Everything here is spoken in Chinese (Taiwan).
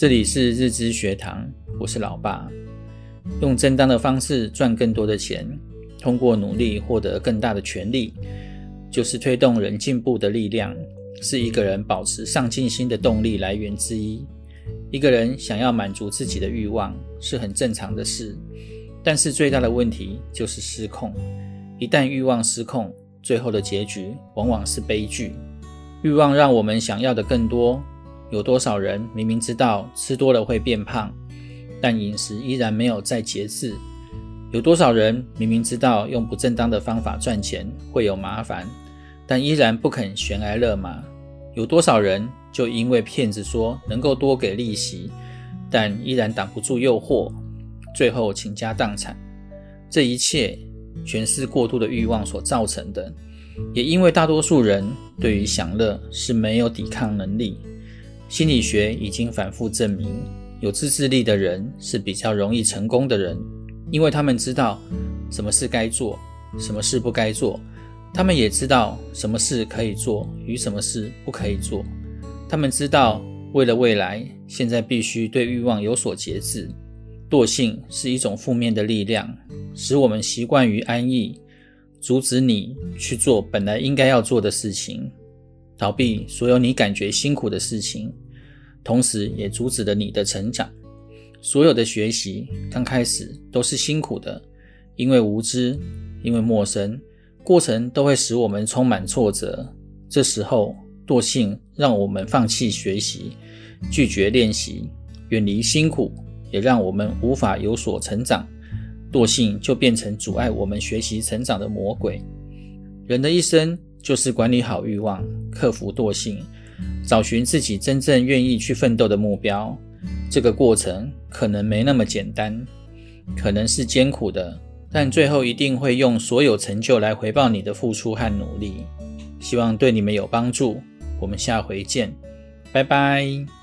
這裡是日知學堂，我是老爸。用正當的方式賺更多的錢，通過努力獲得更大的權力，就是推動人進步的力量，是一個人保持上進心的動力來源之一。一個人想要滿足自己的欲望，是很正常的事，但是最大的問題就是失控。一旦欲望失控，最後的結局往往是悲劇。欲望讓我們想要的更多。有多少人明明知道吃多了會變胖，但飲食依然沒有再節制？有多少人明明知道用不正當的方法賺錢會有麻煩，但依然不肯懸崖勒馬？有多少人就因為騙子說能夠多給利息，但依然擋不住誘惑，最後傾家蕩產？這一切全是過度的慾望所造成的，也因為大多數人對於享樂是沒有抵抗能力。心理學已經反覆證明，有自制力的人是比較容易成功的人，因為他們知道什麼事該做，什麼事不該做；他們也知道什麼事可以做與什麼事不可以做；他們知道為了未來，現在必須對慾望有所節制。惰性是一種負面的力量，使我們習慣於安逸，阻止你去做本來應該要做的事情。逃避所有你感覺辛苦的事情，同時也阻止了你的成長。所有的學習剛開始都是辛苦的，因為無知，因為陌生，過程都會使我們充滿挫折。這時候，惰性讓我們放棄學習，拒絕練習，遠離辛苦，也讓我們無法有所成長。惰性就變成阻礙我們學習成長的魔鬼。人的一生就是管理好慾望。克服惰性，找尋自己真正願意去奮鬥的目標。這個過程可能沒那麼簡單，可能是艱苦的，但最後一定會用所有成就來回報你的付出和努力。希望對你們有幫助。我們下回見，拜拜。